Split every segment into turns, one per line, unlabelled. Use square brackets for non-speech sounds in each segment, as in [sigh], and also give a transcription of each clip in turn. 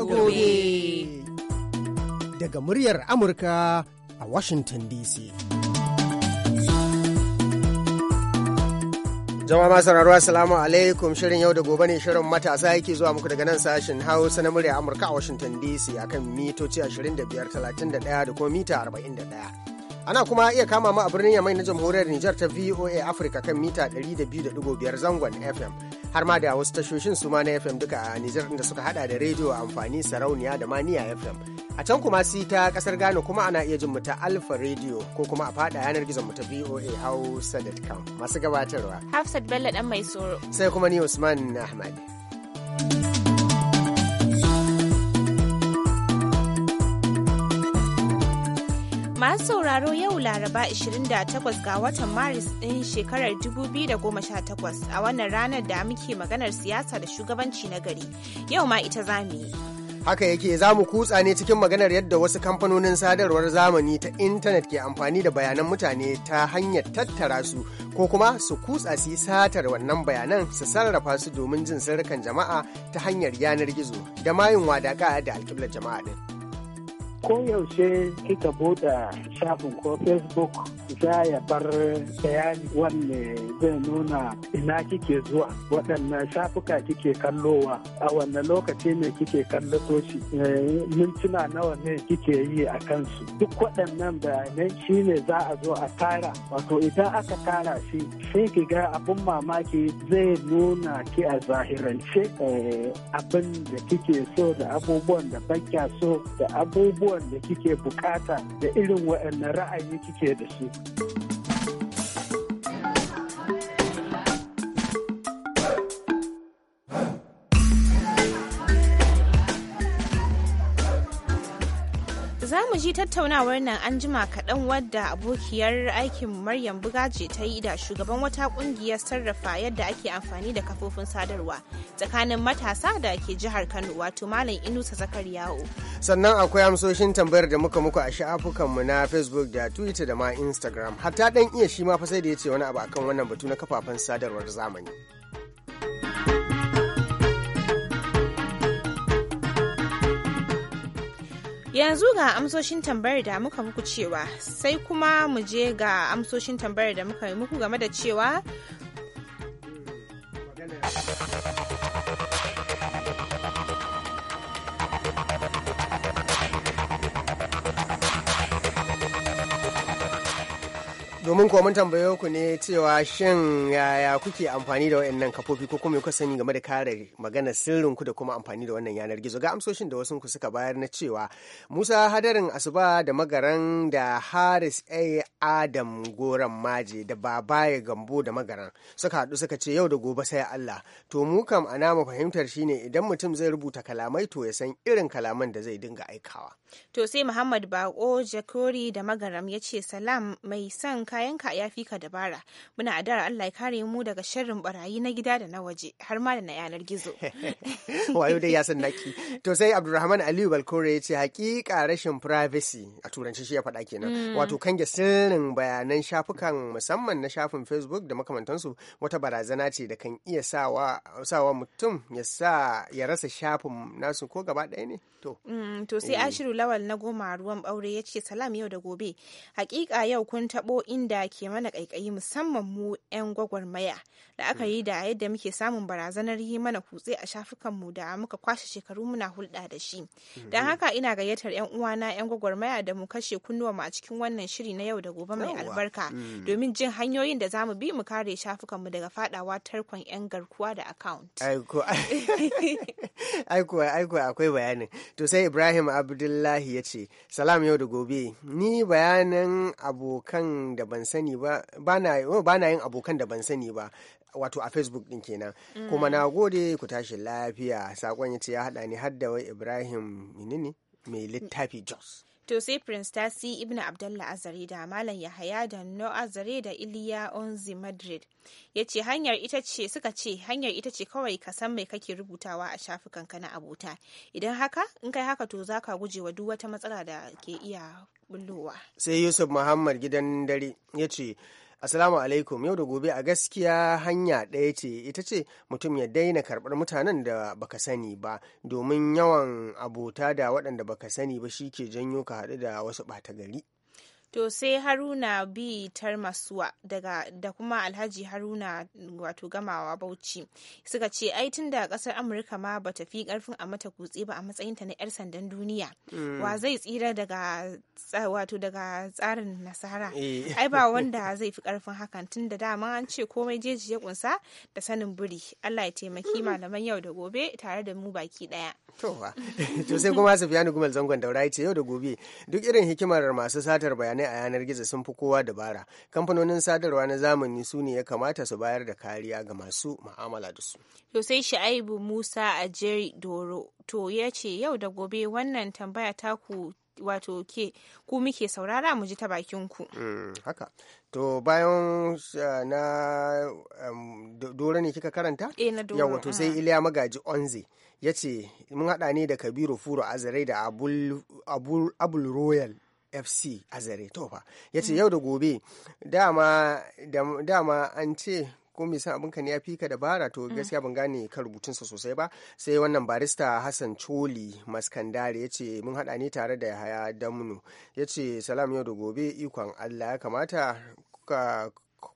da gobe.
Daga muryar Amurka a Washington DC. Jama'a masu rarwa salamu alaikum shirin yau da gobe ne shirin matasa yake zuwa muku daga nan sashen Hausa na murya Amurka a Washington DC akan mitoci 2531 da kuma mita 41. ana kuma iya kama mu a birnin yamai na jamhuriyar Nijar ta VOA Africa kan mita 102.5 zangon FM har ma da wasu tashoshin su ma na FM duka a Nijar da suka hada da rediyo amfani sarauniya da maniya FM. A can kuma si ta kasar Ghana kuma ana iya jin mu ta Alfa rediyo ko kuma a fada yanar gizon mu ta VOA Hausa.com masu gabatarwa.
Hafsat Bello dan mai soro.
Sai kuma ni Usman Ahmad. thank you
Masu sauraro yau Laraba 28 ga watan Maris ɗin shekarar 2018 a wannan ranar da muke maganar siyasa da shugabanci na gari. Yau ma ita za mu yi.
haka yake za mu kutsa ne cikin maganar yadda wasu kamfanonin sadarwar zamani ta intanet ke amfani da bayanan mutane ta hanyar tattara su ko kuma su kutsa su yi satar wannan bayanan su sarrafa su domin jin sirrikan jama'a ta hanyar yanar gizo da mayun wadaka da alkiblar jama'a din.
koyaushe kika buɗe shafin ko facebook za ya bar bayani wanne zai nuna ina kike zuwa waɗanne shafuka kike kallowa a wanne lokaci ne kike kallato shi eh, mintuna nawa ne kike yi a kansu duk waɗannan bayanai shi ne za a zo a tara wato idan aka tara shi sai ki ga abin mamaki zai nuna ki a zahirance eh, abin da kike so da abubuwan da bakya so da abubuwan abubuwan da kike bukata da irin wa'annan ra'ayi kike da shi
mu ji tattaunawar nan an jima kaɗan wadda abokiyar aikin Maryam Bugaje ta yi da shugaban wata ƙungiyar sarrafa yadda ake amfani da kafofin sadarwa tsakanin matasa da ke jihar Kano wato Malam Inusa Zakariyawo.
Sannan akwai amsoshin tambayar da muka muku a shafukanmu na Facebook da Twitter da ma Instagram. Hatta ɗan iya shi ma fa sai da ya ce wani abu akan wannan batu na kafafen sadarwar zamani.
Yanzu ga amsoshin tambayar da muka muku cewa sai kuma mu je ga amsoshin tambayar da muka yi muku game da cewa
domin kuwa mun tambaye ku ne cewa shin yaya kuke amfani da wayannan kafofi ko kuma kuka sani game da kare magana sirrin ku da kuma amfani da wannan yanar gizo ga amsoshin da wasu ku suka bayar na cewa Musa Hadarin Asuba da Magaran da Haris A Adam Goran Maje da baba ya Gambo da Magaran suka hadu suka ce yau da gobe sai Allah to mu kam ana mu fahimtar shine idan mutum zai rubuta kalamai to ya san irin kalaman da zai dinga aikawa
To sai Muhammad Bako Jakori da Magaram ya ce salam mai son kayanka ya fi ka dabara. Muna adara Allah ya kare mu daga sharrin barayi na gida da na waje har ma da na yanar gizo. [laughs] Wayo dai ya
san naki. To sai Abdulrahman Aliyu Balkore ya ce hakika rashin privacy a turanci shi ya faɗa kenan. Mm. Wato kan ga sirrin bayanan shafukan musamman na shafin Facebook da makamantansu wata barazana ce da kan iya sawa mutum ya sa ya rasa shafin nasu ko gaba ɗaya ne. To
mm, sai eh. Ashiru lawal na goma ruwan ɓaure ya ce salam yau da gobe hakika yau kun taɓo inda ke mana ƙaiƙayi musamman mu 'yan gwagwarmaya da aka yi mm. da yadda muke samun barazanar yi mana kutse a shafukan mu da muka kwashe shekaru muna hulɗa da shi mm-hmm. don haka ina gayyatar 'yan uwana 'yan gwagwarmaya da mu kashe kunnuwanmu a cikin wannan shiri na yau da gobe mai albarka mm. domin jin hanyoyin da za mu bi mu kare shafukanmu daga faɗawa tarkon 'yan garkuwa da account.
aiko [laughs] [laughs] akwai bayanin to sai ibrahim abdullahi Abdullahi ya ce, Salam yau da gobe, ni bayanin abokan da ban sani ba, ba na yin abokan da ban sani ba, wato a facebook ɗin kenan mm. kuma na gode ku tashi lafiya saƙon ya ce ya haɗa ni har da wai ibrahim menene mai littafi jos
to sai prince tasi ibn abdullah Azari da malam yahaya da no azare da iliya onzi madrid ya ce hanyar ita ce suka ce hanyar ita ce kawai ka san mai kake rubutawa a shafukanka na abota idan haka in kai haka to zaka guje wa duk wata matsala da ke iya bullowa
sai yusuf muhammad gidan dare ya ce Assalamu alaikum yau da gobe a gaskiya hanya ɗaya ce ita ce mutum ya daina karɓar mutanen da baka sani ba domin yawan abota da waɗanda baka sani ba shi ke janyo ka haɗu da wasu ɓata gari.
to sai haruna b tarmasuwa daga da kuma alhaji haruna wato gamawa bauchi suka ce ai tun da kasar amurka ma ba ta fi karfin a mata kutse ba a matsayinta na yar sandan duniya mm. wa zai tsira daga wato daga tsarin nasara eh. ai ba wanda zai fi karfin hakan tun da dama an ce komai jeji ya kunsa da sanin buri allah ya taimaki malaman yau da gobe tare da mu baki daya
[laughs] to sai kuma su gumal zangon daura ya ce yau da gobe duk irin hikimar masu satar bayanai bayanai a yanar gizo sun fi kowa dabara kamfanonin sadarwa na zamani su ne ya kamata su bayar da kariya ga masu ma'amala da su
to sai sha'ibu musa a jerry doro to ya ce yau da gobe wannan tambaya taku wato ke ku muke saurara mu ji ta bakin ku
mm, haka to bayan eh, na ne kika karanta eh na sai mm. iliya magaji onze ya ce mun haɗa ne da kabiru furo azarai da abul royal fc a zare tofa ya ce mm. yau da gobe dama dama an ce ko me san abinka ne ya fi ka dabara to mm. gaskiya ban gane kan rubutun sa sosai ba sai wannan barista hassan choli maskandare ya ce mun hada ne tare da yahaya damnu ya ce salam yau da gobe ikon allah ya kamata ka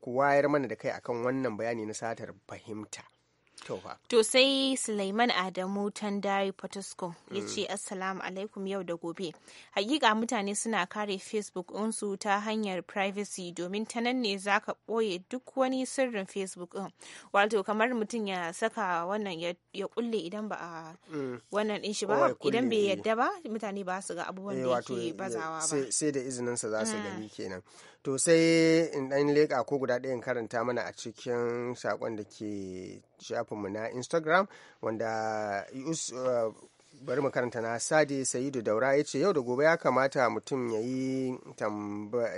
wayar mana da kai akan wannan bayani na satar fahimta
To sai Sulaiman Adamu Tandari Potosko ya ce mm. Assalamu alaikum yau da gobe. Hakika mutane suna kare Facebook unsu ta hanyar privacy domin ta nan ne za ka ɓoye duk wani sirrin Facebook ɗin. Wato kamar mutum ya saka wannan ya kulle idan ba a mm. wannan ɗin shi ba idan bai eh. yadda ba mutane ba su ga abubuwan eh, da yake bazawa eh, ba.
Sai da izininsa za su mm. gani kenan. to sai in dan leƙa ko guda in karanta mana a cikin saƙon da ke shafinmu na instagram wanda eh, bari mu karanta na sadi sayidu daura ya ce yau da gobe ya kamata mutum ya yi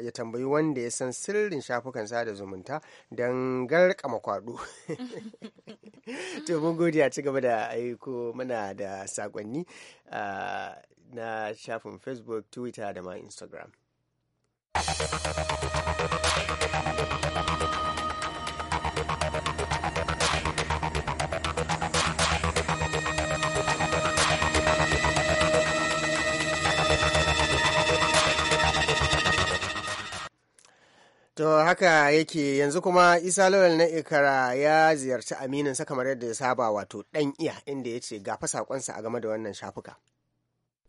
ya tambayi wanda ya san sirrin shafukan sada zumunta don garkama kwado [laughs] to mun gode a ci gaba da aiko mana da sakonni eh, na shafin facebook twitter da ma instagram To haka yake yanzu kuma Isa Lawal na Ikara ya ziyarci aminin sa kamar yadda ya saba wato ɗan iya inda ya ce ga saƙonsa a game da wannan shafuka.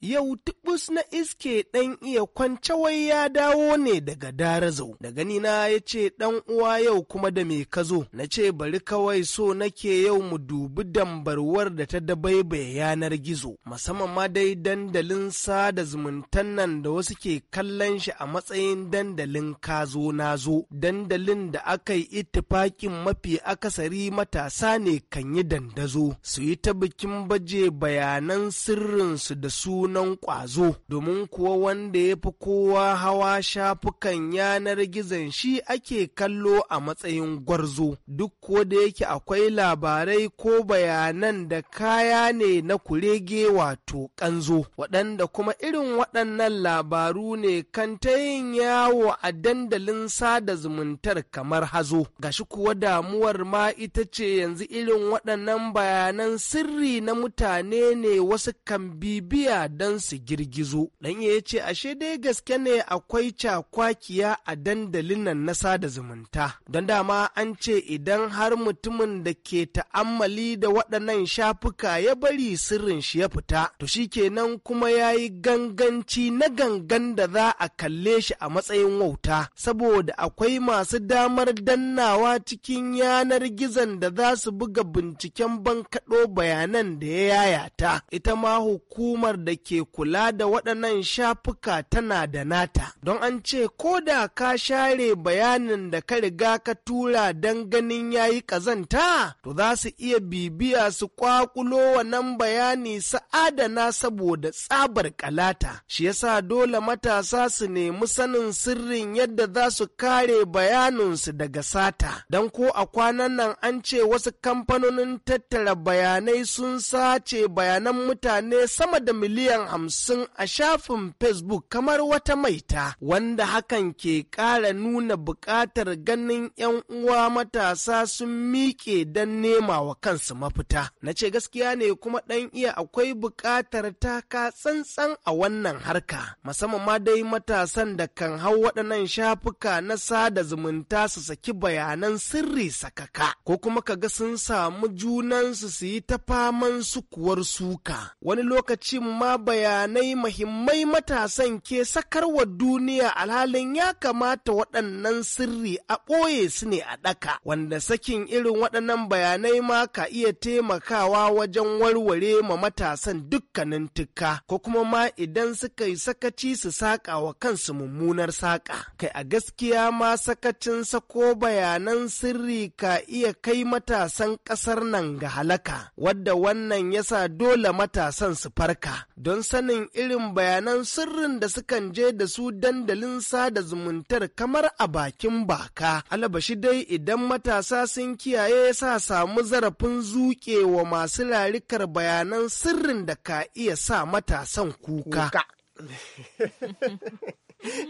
Yau
tubus na iske ɗan iya kwance wai ya dawo ne daga darazau. Da gani na ya ce ɗan uwa yau kuma da me ka zo, na ce bari kawai so nake yau mu dubi dambarwar da ta dabaibaye yanar gizo, musamman ma dai dandalin sada zumuntan nan da wasu ke kallon shi a matsayin dandalin kazo nazo, dandalin da aka yi ittifaƙin mafi akasari matasa ne kan yi dandazo, su yi ta bikin baje bayanan sirrinsu da su sunan ƙwazo, domin kuwa wanda ya fi kowa hawa shafukan yanar gizon shi ake kallo a matsayin gwarzo, duk kuwa da yake akwai labarai ko bayanan da kaya ne na kurege wato ƙanzo, waɗanda kuma irin waɗannan labaru ne kan ta yin yawo a dandalin sada zumuntar kamar hazo, gashi kuwa damuwar ma ita ce yanzu irin waɗannan bayanan sirri na mutane ne wasu kan bibiya don su girgizo. danye ya ce ashe dai gaske ne akwai cakwakiya a dandalin nan na sada zumunta. Don dama an ce idan har mutumin da ke ta'ammali da waɗannan shafuka ya bari sirrin shi ya fita, to shi kenan kuma ya yi ganganci na gangan da za a kalle shi a matsayin wauta, saboda akwai masu damar dannawa cikin yanar gizon da za su buga binciken bankaɗo bayanan da ya yayata. Ita ma hukumar da ke kula da waɗannan shafuka tana da nata don an ce ko da ka share bayanin da ka riga ka tura don ganin ya yi ƙazanta to za su iya bibiya su kwakulo wannan bayani su adana saboda tsabar kalata shi yasa dole matasa su nemi sanin sirrin yadda za su kare bayaninsu daga sata don ko a kwanan nan an ce wasu kamfanonin tattara bayanai sun sace bayanan mutane sama da miliyan miliyan hamsin a shafin Facebook kamar wata maita, wanda hakan ke ƙara nuna buƙatar ganin 'yan uwa matasa sun miƙe don nema wa kansu mafita. Na ce gaskiya ne kuma ɗan iya akwai buƙatar taka tsantsan a wannan harka, musamman ma dai matasan da kan hau waɗannan shafuka na sada zumunta su saki bayanan sirri sakaka, ko kuma ka ga sun samu junansu su yi ta faman sukuwar suka. Wani lokacin ma bayanai mahimmai matasan ke sakarwa duniya alhalin ya kamata waɗannan sirri a ɓoye su ne a ɗaka wanda sakin irin waɗannan bayanai ma ka iya taimakawa wajen warware ma matasan dukkanin tukka ko kuma ma idan suka yi sakaci su saƙa wa kansu mummunar saƙa kai a gaskiya ma sakacin sako bayanan sirri ka iya kai matasan ƙasar nan ga halaka wadda wannan yasa dole matasan su farka don don sanin irin bayanan sirrin da sukan je da su dandalin sada zumuntar kamar a bakin baka. Alabashi dai idan matasa sun kiyaye sa samu zarafin zuƙewa masu larikar bayanan sirrin da ka iya sa matasan kuka. [laughs]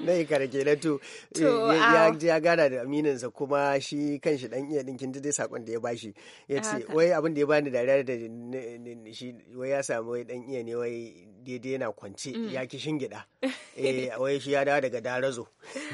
na yi karke na to eh, ah.
ya gana da
aminansa kuma shi kan dan iya dinkin dai sakon da ya bashi ya ce wai abin da ya bani dariya da shi wai ya samu wai dan iya ne wai daidai na kwance mm. ya ki shingida [laughs] eh, wai shi ya dawo daga darazo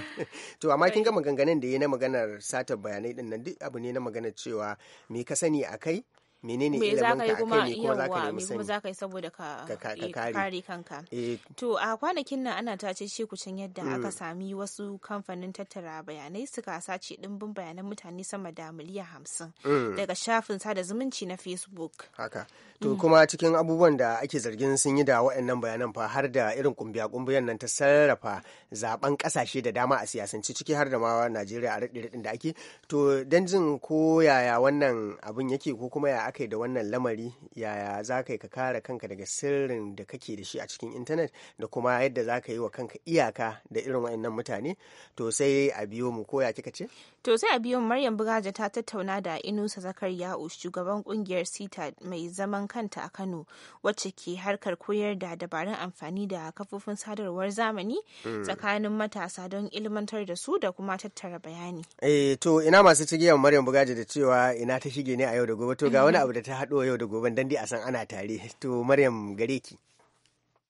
[laughs] to amma kin ga maganganun da ya na maganar satar bayanai din nan duk abu ne na maganar cewa me ka sani akai menene me za ka yi kuma yawa me kuma za
ka yi saboda ka eh, kare kanka eh. to a kwanakin nan ana tace ce shi kucin yadda hmm. aka sami wasu kamfanin tattara bayanai suka sace dimbin bayanan mutane sama da miliyan hamsin hmm. daga shafin sada zumunci na facebook haka to mm.
kuma cikin abubuwan da ake zargin sun yi da waɗannan bayanan fa har da irin kumbiya-kumbiyan nan ta sarrafa zaben ƙasashe da dama a siyasance ciki har da ma najeriya a raɗe da ake to don jin ko yaya wannan abun yake ko kuma ya akai da wannan lamari yaya za ka ka kare kanka daga sirrin da kake da shi a cikin intanet da kuma yadda za ka yi wa kanka iyaka da irin waɗannan mutane to sai a biyo mu ko ya kika ce
to sai a biyo mu maryam bugaja ta tattauna da inusa zakariya shugaban kungiyar sita mai zaman zaman kanta a Kano wacce ke harkar koyar da dabarun amfani da kafofin sadarwar zamani hmm. tsakanin matasa don ilmantar da su da kuma tattara bayani.
Eh to ina masu cigiyar Maryam Bugaji da cewa ina ta shige ne a yau da gobe to ga wani mm-hmm. abu da ta haɗo yau da gobe dan dai a san ana tare to Maryam gare ki.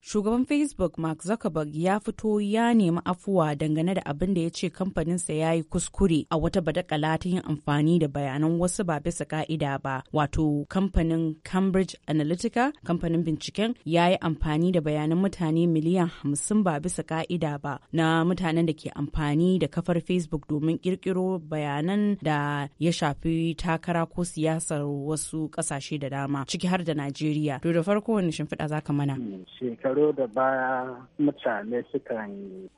Shugaban Facebook Mark Zuckerberg ya fito ya nemi afuwa dangane da abin da ya ce kamfaninsa ya yi kuskure a wata badakala ta yin amfani da bayanan wasu ba bisa ka'ida ba. Wato kamfanin Cambridge Analytica, kamfanin binciken ya yi amfani da bayanan mutane miliyan hamsin ba bisa ka'ida ba na mutanen da ke amfani da kafar Facebook domin kirkiro bayanan da ya shafi takara ko siyasar wasu kasashe da dama ciki har da Najeriya. To da farko wani shimfiɗa za ka mana? Hmm,
shekaru da baya mutane sukan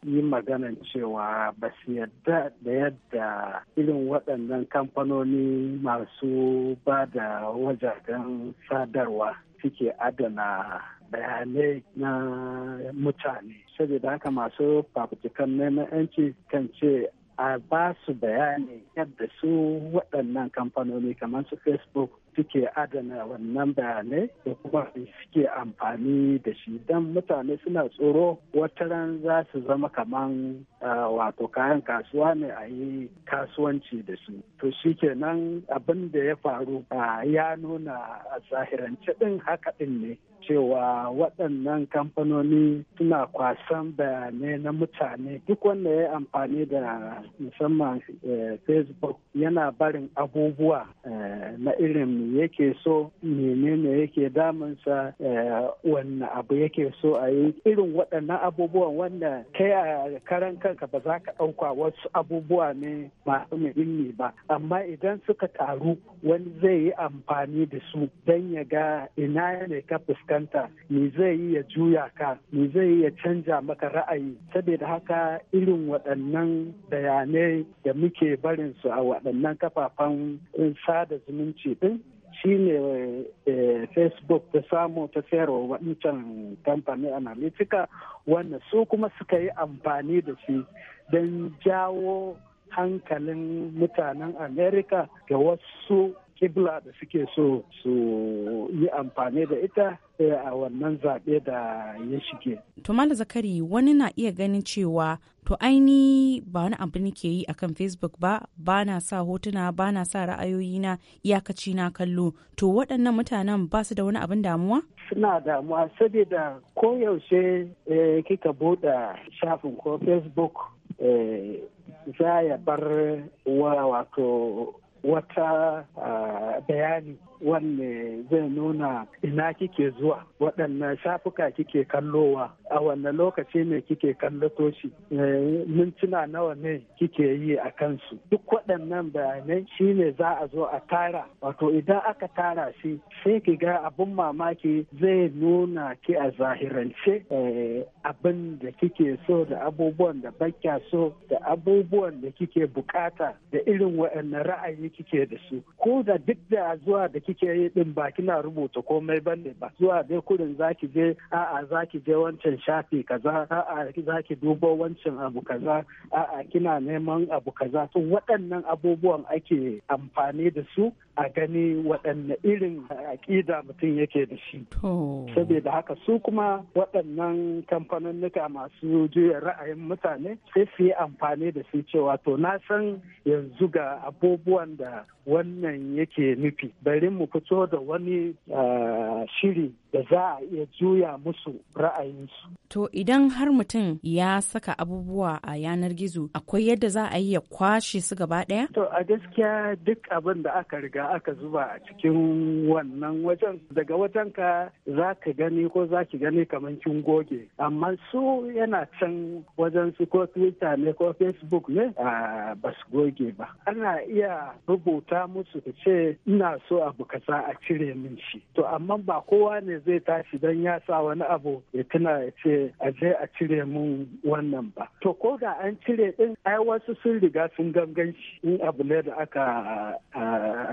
yi magana cewa ba su yadda da yadda irin waɗannan kamfanoni masu ba da wajajen sadarwa suke adana bayanai na mutane saboda haka masu fafutukan neman yanci kan ce a ba su bayani yadda su waɗannan kamfanoni kamar su facebook suke adana wannan bayanai da kuma suke amfani da shi don mutane suna tsoro wataran za su zama kaman wato kayan kasuwa ne a yi kasuwanci da su to shi kenan abin da ya faru ya nuna a zahirance ɗin haka ɗin ne cewa waɗannan kamfanoni suna kwasan bayanai na mutane duk wanda ya amfani da musamman eh, facebook yana barin abubuwa eh, na irin yake so menene yake damunsa eh, wanne abu yake so a yi irin waɗannan abubuwan wanda kai a karan kanka ba za ka ɗauka wasu abubuwa ne masu muhimmi ba amma idan suka taru wani zai yi amfani da su don ya ga ina ne ka fuskanta fuskanta me zai yi ya juya ka me zai yi ya canja maka ra'ayi saboda haka irin waɗannan bayanai da muke barin su a waɗannan kafafen sada zumunci din shine eh, facebook ta samu ta sayarwa wancan kamfanin analytica wanda su kuma suka yi amfani da shi don jawo hankalin mutanen america ga wasu kibla da suke so su yi amfani da ita eh, a wannan zaɓe da ya shige.
To Malam Zakari wani na iya ganin cewa to aini ba wani abu ke yi akan Facebook ba ba na sa hotuna ba na sa na iyakaci na kallo to waɗannan mutanen ba su da wani abin damuwa?
Suna damuwa saboda koyaushe eh, kika buɗe shafin ko Facebook eh, za ya bar wato wata ah, bayani wanne zai nuna ina kike zuwa waɗannan shafuka kike kallowa a wanne lokaci ne kike kallato shi eh, mintuna nawa ne kike yi a kansu duk waɗannan bayanai shi ne za a zo a tara wato idan aka tara shi sai ki ga abun mamaki zai nuna ki a zahirance eh, abin da kike so da abubuwan da bakya so da abubuwan da kike bukata da irin waɗannan ra'ayi kike da su ko da duk da zuwa da kike yi din ba kina rubuta komai ba ne ba zuwa dai kurin zaki je a'a zaki je wancan shafi kaza a'a zaki dubo wancan abu kaza a'a kina neman abu kaza to waɗannan abubuwan ake amfani da su a gani waɗanne irin aƙida mutum yake da shi. Saboda haka su kuma waɗannan kamfanonnuka masu juya ra'ayin mutane sai su yi amfani da su cewa to na san yanzu ga abubuwan da wannan yake nufi bari mu fito da wani eh, shiri da za a iya juya musu ra'ayinsu.
To idan har mutum ya saka abubuwa a yanar gizo akwai yadda za a yi ya kwashe su gaba
ɗaya? To a gaskiya duk abin da aka riga aka zuba a cikin wannan wajen daga wajen ka za ka gani ko za ki gani kamar kin goge amma su yana can wajen su ko Twitter ne ko Facebook ne a ba goge ba. Ana iya rubuta musu da ce ina so abu kaza a cire min shi. To amma ba kowa ne zai tashi don ya sa wani abu ya tuna ya ce a je a cire mun wannan ba to ko ga an cire din ai wasu sun riga sun gangan shi in abu ne da aka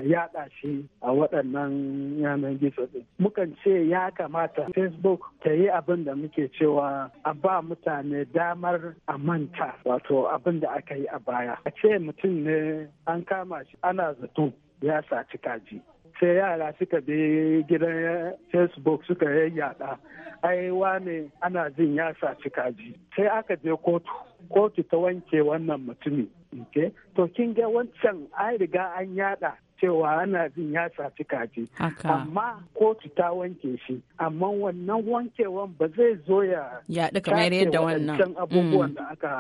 yada shi a waɗannan yanar gizo din mukan ce ya kamata facebook ta yi abin da muke cewa a ba mutane damar a manta wato abin da aka yi a baya a ce mutum ne an kama shi ana zato ya saci kaji sai yara suka bi gidan facebook suka yayyada ai wane ana jin ya saci kaji sai aka je kotu kotu ta wanke wannan mutumi okay? to kin ga wancan an riga an yada cewa ana jin ya saci kaji amma kotu ta wanke shi amma wannan wankewan ba zai zo ya yaɗu kamar yadda wannan mm. abubuwan da aka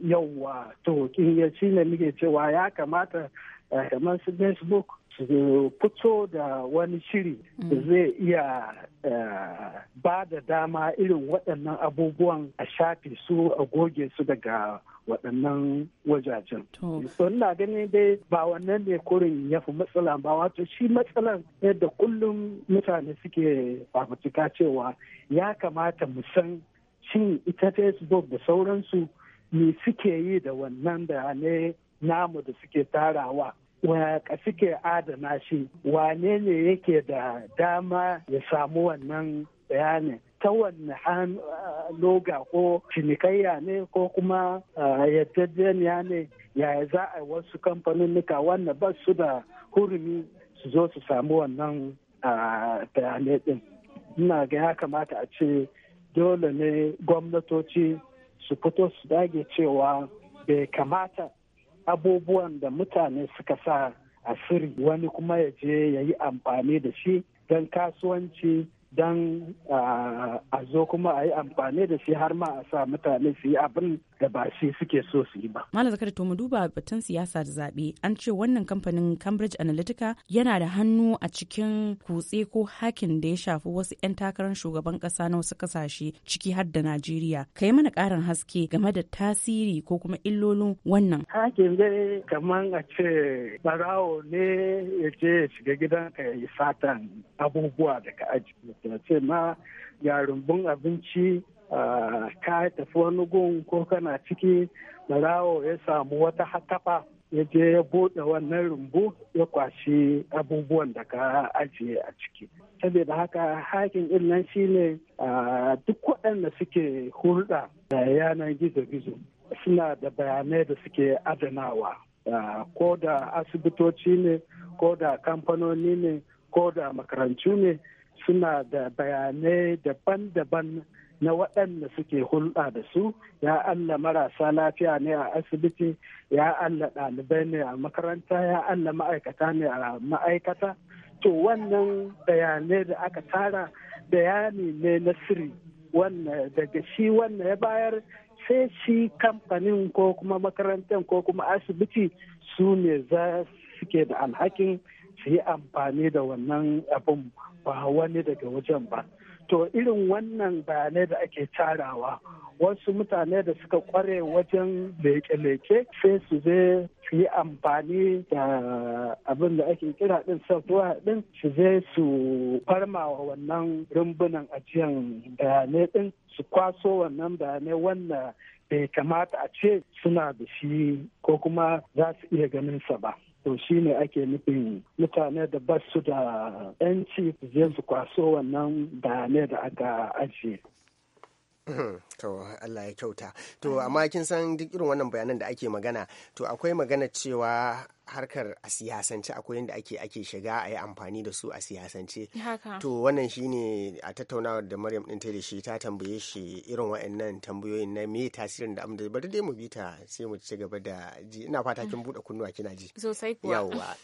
yauwa to kin shine nake cewa ya kamata Eh, kamar su facebook su fito da wani shiri da mm. zai iya eh, ba da dama irin waɗannan abubuwan a shafi su a goge su daga waɗannan wajajen. So ina ganin dai ba wannan ne kurin ya fi matsala ba wato shi matsalan yadda kullum mutane suke fafutuka cewa ya kamata mu san shin ita facebook da sauransu me suke yi da wannan da ne namu da suke tarawa waka suke adana shi wane ne yake da dama ya samu wannan bayanin ta wanne loga ko cinikayya ne ko kuma yadda ne yaya za a wasu kamfanin nika wannan ba su da hurumi su zo su samu wannan bayanai din ina ga ya kamata a ce dole ne gwamnatoci su fito su dage cewa bai kamata abubuwan da mutane suka sa a sirri wani kuma ya je ya yi amfani da shi don kasuwanci don ah, a zo kuma a yi amfani da shi har ma a sa mutane su yi abin da ba shi suke so su yi ba.
Malam Zakari to mu duba batun siyasa da zaɓe an ce wannan kamfanin Cambridge Analytica yana da hannu a cikin kutse ko hakin da ya shafi wasu 'yan takarar shugaban ƙasa na wasu ƙasashe ciki har da Najeriya. Ka yi mana ƙarin haske game da tasiri ko kuma illolin wannan.
Hakin dai kamar a ce barawo ne ya je ya shiga gidan ka yi satan abubuwa daga aji. Ya ma ya rumbun abinci ka tafi wani gun ko kana ciki barawo ya samu wata hatafa ya je ya buɗe wannan rumbu ya kwashi abubuwan da ka ajiye a ciki saboda haka hakin illan shi ne duk waɗanda suke hulɗa da yanar gizo-gizo suna da bayanai da suke adanawa ko da asibitoci ne ko da kamfanoni ne ko da makarantu ne suna da bayanai daban-daban na waɗanda suke hulɗa da su ya alla marasa lafiya ne a asibiti ya alla ɗalibai ne a makaranta ya alla ma'aikata ne a ma'aikata to wannan bayanai da aka tara bayani ne na sirri wannan daga shi wannan ya bayar sai shi kamfanin ko kuma makarantar ko kuma asibiti su ne za suke da alhakin su yi amfani da wannan abin ba wani daga wajen ba to irin wannan bayanai da ake tarawa wasu mutane da suka kware wajen leke-leke sai su je su yi amfani da abin da ake kira din software din su je su wa wannan rumbunan ajiyan bayanai din su kwaso wannan bayanai wanda bai kamata a ce suna da shi ko kuma za su iya ganin sa ba. to shi ne ake nufin mutane da ba su da yanci su su kwaso wannan bayanai da aka ajiye to [coughs] Allah ya kyauta to amma
kin san duk irin wannan bayanan da ake magana to akwai magana cewa harkar a siyasance akwai yadda ake ake shiga a yi amfani da su a siyasance to wannan shine a tattaunawar da Maryam din ta da shi ta tambaye shi irin wa'annan tambayoyin na me tasirin da amda bari dai mu bi ta sai mu ci gaba da ji ina fata mm. kin buɗe kunnuwa kina
ji sosai kuwa
yawwa
[laughs]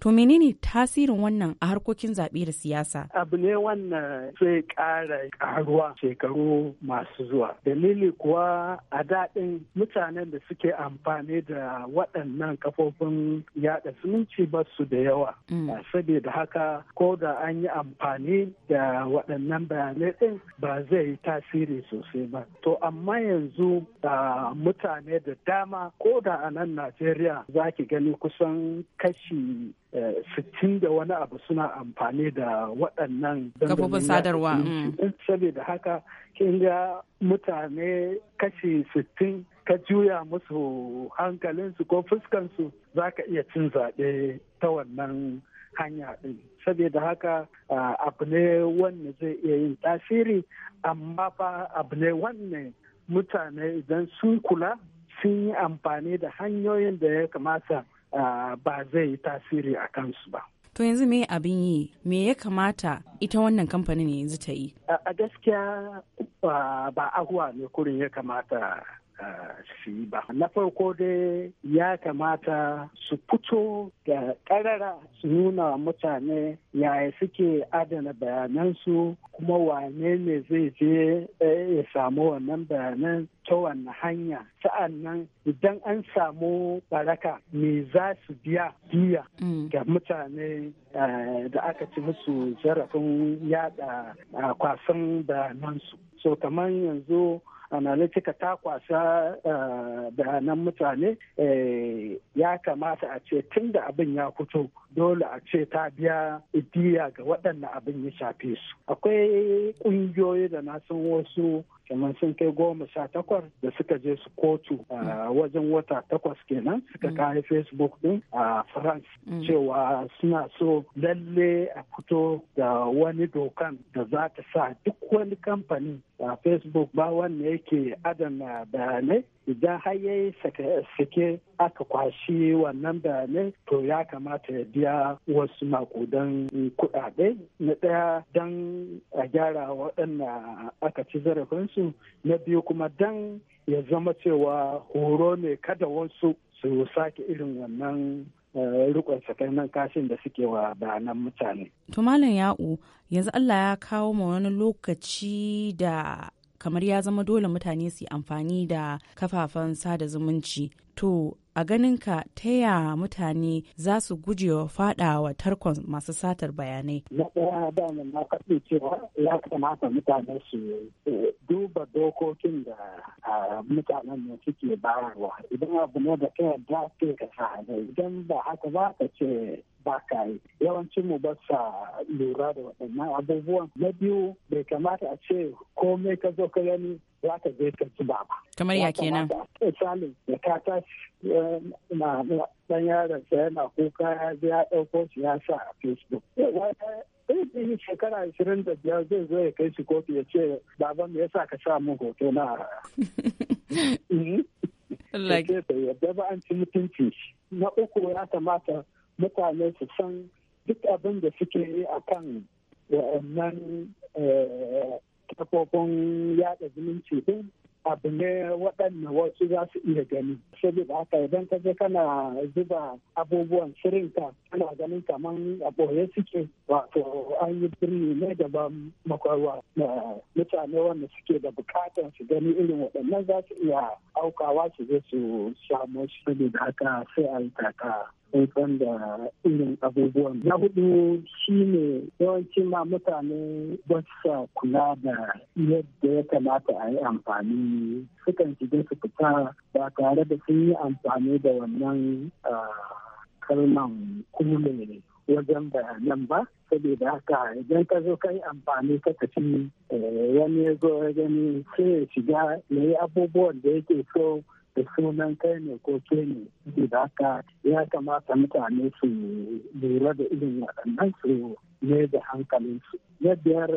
To menene tasirin wannan a harkokin zaɓe da siyasa?
Abu ne wannan zai ƙara ƙaruwa shekaru masu zuwa. Dalili kuwa a daɗin mutanen da suke amfani da waɗannan kafofin yaɗa zumunci ba su da yawa. Mm. Saboda haka ko da an yi amfani da waɗannan bayanai ɗin ba zai yi tasiri sosai ba. To amma yanzu da mutane da dama ko da a nan Najeriya za ki gani kusan kashi Eh, sittin da wani abu suna amfani da waɗannan kafofin sadarwa mm. eh, saboda haka kin ga mutane kashi sittin ka juya musu hankalinsu ko fuskansu za ka iya cin zaɓe ta wannan hanya ɗin saboda haka eh, abu ne wanne zai iya yin tasiri amma fa abu ne wanne mutane idan sun kula sun yi amfani da hanyoyin da ya kamata ba zai yi tasiri a kansu ba.
To yanzu me abin yi me ya kamata ita wannan kamfanin yanzu ta yi?
A gaskiya ba ahuwa ne kurin ya kamata su yi ba. Na farko dai ya kamata su fito da ƙarara su nuna mutane yaya suke adana bayanansu kuma wane ne zai je eh, ya samu wannan bayanan ta wannan hanya sa'an nan idan an samu baraka me za su biya biya mm. ga mutane eh, da aka ci musu zarafin yada eh, kwasan bayanansu so kamar yanzu analytica ta kwasa eh, nan mutane eh, ya kamata a ce tun da abin ya fito dole a ce ta biya idiya ga waɗanda abin ya shafe su akwai ƙungiyoyi da na san wasu kamar sun kai goma sha takwas da suka je su kotu a eh, wajen wata takwas kenan suka mm. kayi facebook din a france mm. cewa suna so lalle a fito da wani dokan da za ta sa duk wani kamfanin. a facebook ba wanda yake adana bayanai idan har yayi sake aka kwashi wannan bayanai to ya kamata ya biya wasu makudan kudade na daya don a gyara waɗanda aka ci zarafinsu na biyu kuma don ya zama cewa horo ne kada wasu su sake irin wannan Eh, rikon tsakanin kashin da suke wa bayanan mutane.
To Malam Ya'u yanzu Allah ya kawo ma wani lokaci da kamar ya zama dole mutane su yi amfani da kafafen sada zumunci. To a ganinka ta ya mutane za su guje wa fada tarkon masu satar bayanai.
Na ɗaya dama na kaɗi cewa ya kamata mutane su duba dokokin da mutanen ne suke bayarwa. Idan abu ne da ta yarda ke ka sa idan ba haka ba ka ce ba ka yi. Yawancin mu ba sa lura da waɗannan abubuwan. Na biyu bai kamata a ce komai ka zo ka gani za ka je ka ci ba.
kamar ya kenan
misalin da ta tashi eh, na dan yaron sa yana kuka ya je ya ɗauko shi ya sa a facebook ɗin eh, shekara ashirin da biyar zai zo ya kai shi kofi ya ce baban me yasa ka sa min hoto na [laughs] mm-hmm. Allah ya yarda ba an ci mutunci na uku ya kamata mutane su san duk abin da suke yi a kan wa'annan eh, kafofin yada zumunci din abu ne waɗanda wasu za su iya gani saboda haka idan ka je kana zuba abubuwan shirinka kana ganin kamar a ɓoye suke wato an yi birni ne da ba makwarwa na mutane wanda suke da bukatar su gani irin waɗannan za su iya aukawa su je su samu da haka sai a yi san da irin abubuwan. Na hudu shi ne yawancin ma mutane ba kula da yadda ya kamata a yi amfani sukan shiga su fita ba tare da sun yi amfani da wannan kalman kule wajen bayanan ba saboda haka idan ka zo ka yi amfani ka tafi eh, wani ya zo ya gani sai ya shiga ya yi abubuwan da yake so da sunan kai ne ko ke ne da haka ya kamata mutane su lura da irin waɗannan su ne da hankalinsu na biyar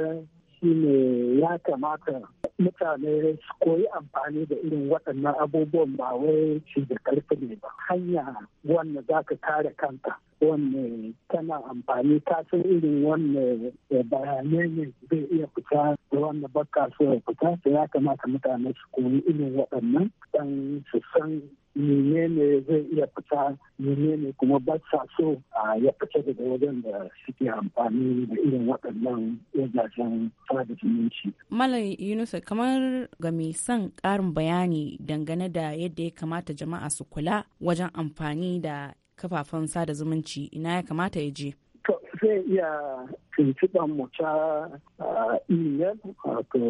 ne ya kamata mutane su koyi amfani da irin waɗannan abubuwan ba wai shi da karfi ne ba hanya wanda za ka kare kanka wannan kana amfani ta san irin wanne eh, bayanai ne zai iya fita da wannan bakka so ya fita da ya kamata mutane su koyi irin waɗannan dan su san menene zai iya fita menene kuma ba sa so a ya fita daga wajen da suke amfani da irin waɗannan wajajen sada zumunci.
Malam Yunusa kamar ga mai son ƙarin bayani dangane da yadda ya kamata jama'a su kula wajen amfani da kafafen sada zumunci ina ya kamata ya je
To zai iya tuntuɓar mu ta ah, email wato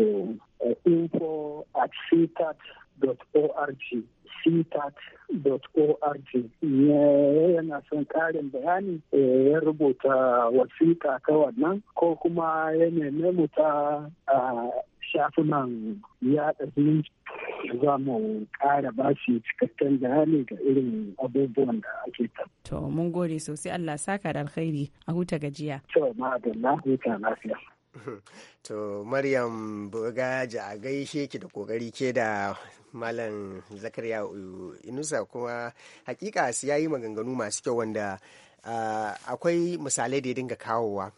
eh, info at ctat.org ctat.org yana son ƙarin bayani eh, ya rubuta wasiƙa ta wannan ko kuma ya neme mu ta ah, shafunan ya zumunci za mu ƙara ba su cikakken bayani ga irin abubuwan da ake ta.
To mun gode sosai Allah saka da alkhairi a huta gajiya.
To ma'adalla
huta lafiya.
[laughs] to Maryam Bugaji a gaishe ki da kokari ke da Malam Zakariya Inusa kuma hakika su yayi maganganu masu kyau wanda ah, akwai misalai da ya dinga kawowa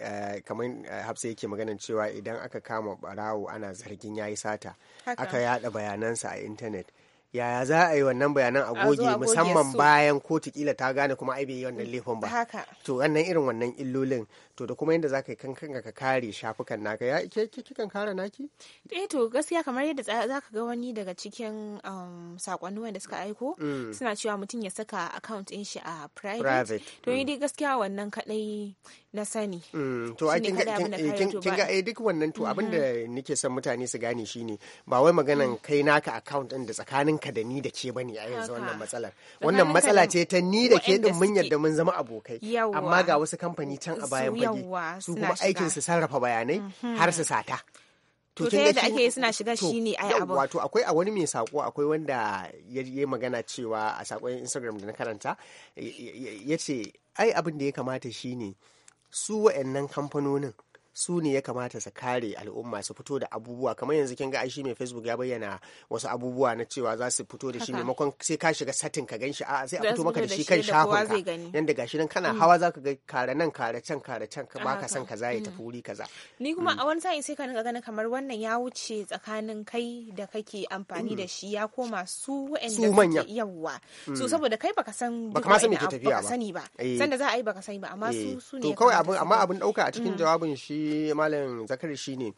Eh, kamar eh, hafsa yake maganin cewa idan aka kama barawo ana zargin ya yi sata aka yada bayanansa a intanet yaya za a yi wannan bayanan a goge musamman bayan kotu kila ta gane kuma ai bai yi wannan mm, laifin ba to wannan irin wannan illolin to da kuma yadda za ka yi kankan ka kare shafukan naka ya kikan
kare naki eh to gaskiya kamar yadda za ka ga wani daga cikin um, sakonni wanda suka aiko mm. suna cewa mutum ya saka account din shi a private to yi mm. dai gaskiya wannan kadai na sani
mm. to a kin ga eh, duk wannan to abin mm-hmm. da nake son mutane su gane shine ba wai maganan kai naka account din da tsakanin ka da ni da ke bane a yanzu wannan matsalar
wannan matsala ce
ta ni da ke din mun yadda mun zama abokai amma ga wasu kamfani can a bayan
su kuma aikin su
sarrafa bayanai mm-hmm. har su sata
to ta yadda ake suna shiga shine ai
abu wato akwai a wani mai sako akwai wanda ya yi magana cewa a sakon Instagram da na karanta yace ai abin da ya kamata shine su wa'annan kamfanonin su ne ya kamata su kare al'umma su fito da abubuwa kamar yanzu kin ga ai shi mai facebook ya bayyana wasu abubuwa na cewa za su fito da shi maimakon sai ka shiga satin ka ganshi a sai a fito maka da shi kan shafin ka yanda gashi nan kana mm. hawa za ka ga kare nan kare can kare can ka baka san kaza ya mm. tafi wuri kaza
ni kuma mm. a wani sa'in sai ka ga ganin kamar wannan ya wuce tsakanin kai da kake amfani da shi ya koma su wa'anda suke yawa so saboda kai baka san baka ma san me ke tafiya ba sani ba eh. sanda za a yi baka sani ba amma su eh. su ne to kawai amma abin
dauka a cikin jawabin shi shi malam zakari ne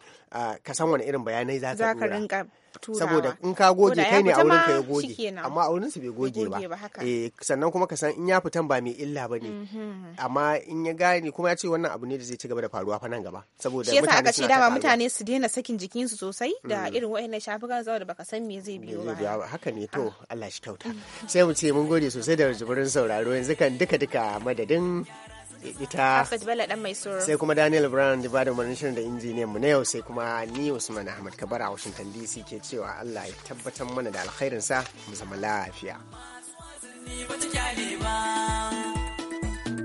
ka san wani irin bayanai za ka rinka saboda in ka goge kai ne a wurin ka ya goge amma a wurin su bai goge ba eh, sannan kuma ka san in ya fitan ba mai illa ne mhm. amma in ya gane kuma ya ce wannan abu ne da zai ci gaba da faruwa fa nan gaba saboda mutane shi yasa aka ce dama mutane
su daina sakin jikin su sosai da mm. irin wayannan shafukan zawo da baka san me zai biyo
ba haka ne to ah. Allah shi kyauta sai mu ce mun gode sosai da jibirin sauraro yanzu kan duka duka madadin ita
dan mai sai
kuma Daniel Brown da bada umarnin shirin da injiniyan mu na yau sai kuma ni Usman Ahmad kabar a Washington DC ke cewa Allah ya tabbatar mana da alkhairinsa sa mu zama lafiya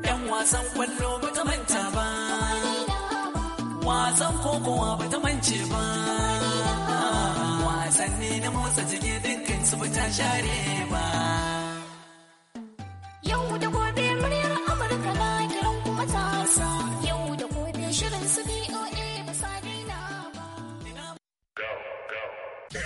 Yan wasan kwallo ba ta manta ba
wasan kokowa ba ta mance ba na motsa jiki dukkan su ba ta share ba yau da gobe muryar Amurka na kiran kuma ta yau da gobe
shirin su